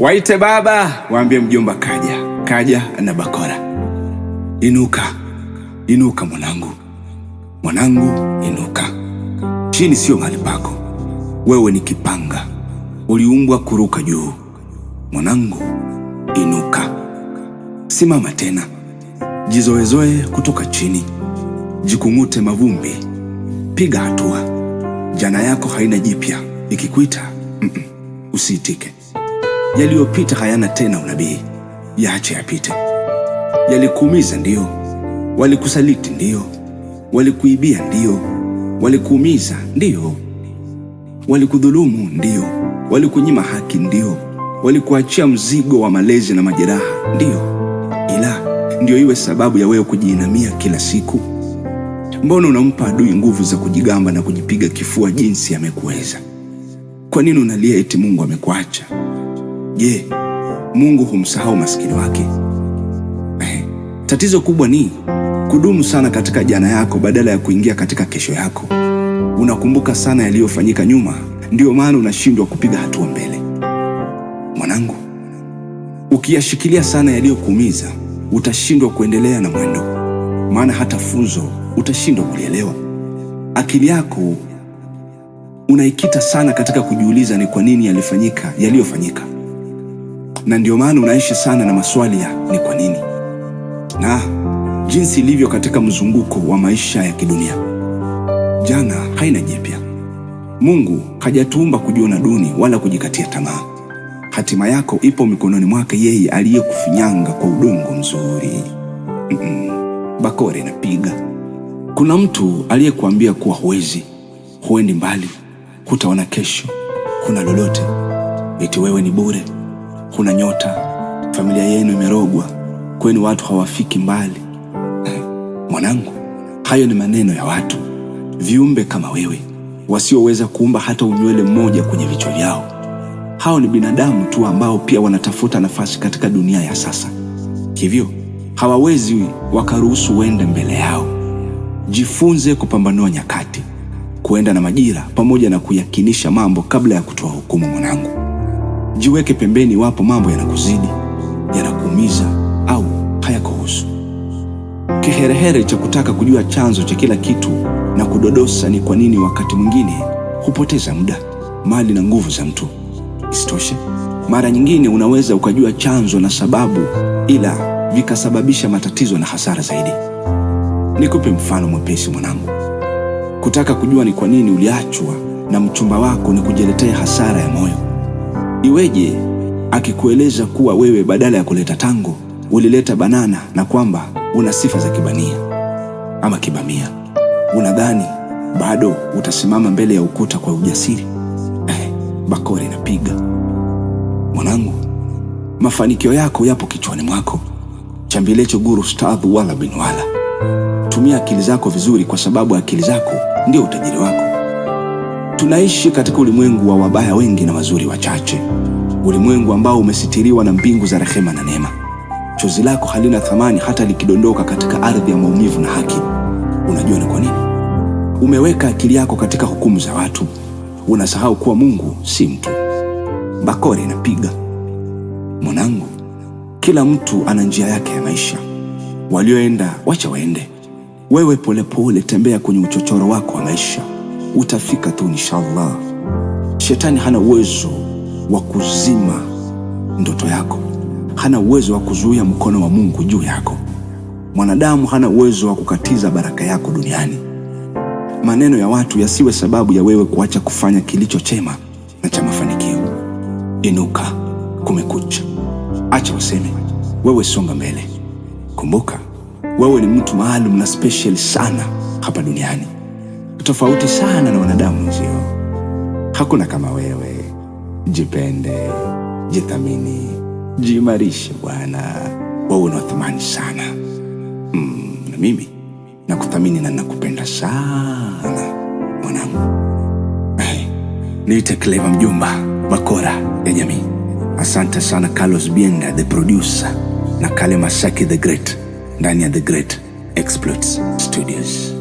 Waite baba, waambie mjomba kaja, kaja na bakora. Inuka, inuka mwanangu, mwanangu inuka. Chini sio mahali pako, wewe ni kipanga, uliumbwa kuruka juu. Mwanangu inuka, simama tena, jizoezoe kutoka chini, jikung'ute mavumbi, piga hatua. Jana yako haina jipya, ikikuita mm -mm, usiitike. Yaliyopita hayana tena unabii, yaache yapite. Yalikuumiza ndiyo, walikusaliti ndiyo, walikuibia ndiyo, walikuumiza ndiyo, walikudhulumu ndiyo, walikunyima haki ndiyo, walikuachia mzigo wa malezi na majeraha ndiyo, ila ndiyo iwe sababu ya wewe kujiinamia kila siku? Mbona unampa adui nguvu za kujigamba na kujipiga kifua jinsi amekuweza? Kwa nini unalia eti Mungu amekuacha? Je, Mungu humsahau maskini wake? Eh, tatizo kubwa ni kudumu sana katika jana yako badala ya kuingia katika kesho yako. Unakumbuka sana yaliyofanyika nyuma, ndiyo maana unashindwa kupiga hatua mbele. Mwanangu, ukiyashikilia sana yaliyokuumiza, utashindwa kuendelea na mwendo, maana hata funzo utashindwa kulielewa. Akili yako unaikita sana katika kujiuliza ni kwa nini yalifanyika yaliyofanyika na ndio maana unaishi sana na maswali ya ni kwa nini na jinsi ilivyo katika mzunguko wa maisha ya kidunia. Jana haina jipya. Mungu hajatuumba kujiona duni wala kujikatia tamaa. Hatima yako ipo mikononi mwake, yeye aliyekufinyanga kwa udongo mzuri. Mm -mm. Bakore inapiga. Kuna mtu aliyekuambia kuwa huwezi, huendi mbali, hutaona kesho, kuna lolote, eti wewe ni bure kuna nyota, familia yenu imerogwa, kwenu watu hawafiki mbali. Eh, mwanangu, hayo ni maneno ya watu, viumbe kama wewe wasioweza kuumba hata unywele mmoja kwenye vichwa vyao. Hao ni binadamu tu ambao pia wanatafuta nafasi katika dunia ya sasa, hivyo hawawezi wakaruhusu uende mbele yao. Jifunze kupambanua nyakati, kuenda na majira, pamoja na kuyakinisha mambo kabla ya kutoa hukumu, mwanangu jiweke pembeni iwapo mambo yanakuzidi, yanakuumiza au hayakuhusu. Kiherehere cha kutaka kujua chanzo cha kila kitu na kudodosa ni kwa nini wakati mwingine hupoteza muda, mali na nguvu za mtu. Isitoshe, mara nyingine unaweza ukajua chanzo na sababu, ila vikasababisha matatizo na hasara zaidi. Nikupe mfano mwepesi mwanangu. Kutaka kujua ni kwa nini uliachwa na mchumba wako ni kujiletea hasara ya moyo. Iweje akikueleza kuwa wewe badala ya kuleta tango ulileta banana na kwamba una sifa za kibania ama kibamia? Unadhani bado utasimama mbele ya ukuta kwa ujasiri? Eh, bakora inapiga mwanangu. Mafanikio yako yapo kichwani mwako. Chambilecho guru stadhu wala bin wala. Tumia akili zako vizuri, kwa sababu akili zako ndio utajiri wako. Tunaishi katika ulimwengu wa wabaya wengi na wazuri wachache, ulimwengu ambao umesitiriwa na mbingu za rehema na neema. Chozi lako halina thamani hata likidondoka katika ardhi ya maumivu na haki. Unajua ni kwa nini? Umeweka akili yako katika hukumu za watu, unasahau kuwa Mungu si mtu. Bakori inapiga mwanangu, kila mtu ana njia yake ya maisha. Walioenda wacha waende, wewe polepole pole tembea kwenye uchochoro wako wa maisha utafika tu inshallah. Shetani hana uwezo wa kuzima ndoto yako, hana uwezo wa kuzuia mkono wa Mungu juu yako. Mwanadamu hana uwezo wa kukatiza baraka yako duniani. Maneno ya watu yasiwe sababu ya wewe kuacha kufanya kilicho chema na cha mafanikio. Inuka, kumekucha. Acha waseme, wewe songa mbele. Kumbuka, wewe ni mtu maalum na special sana hapa duniani tofauti sana na wanadamu wenzio. Hakuna kama wewe. Jipende, jithamini, jiimarishe bwana, wewe thamani sana mm, na mimi nakuthamini na nakupenda sana mwanangu. Hey, eh, niite Cleva mjumba makora ya jamii. Asante sana Carlos Bienga the producer na Kale Masaki the great ndani ya The Great Exploits Studios.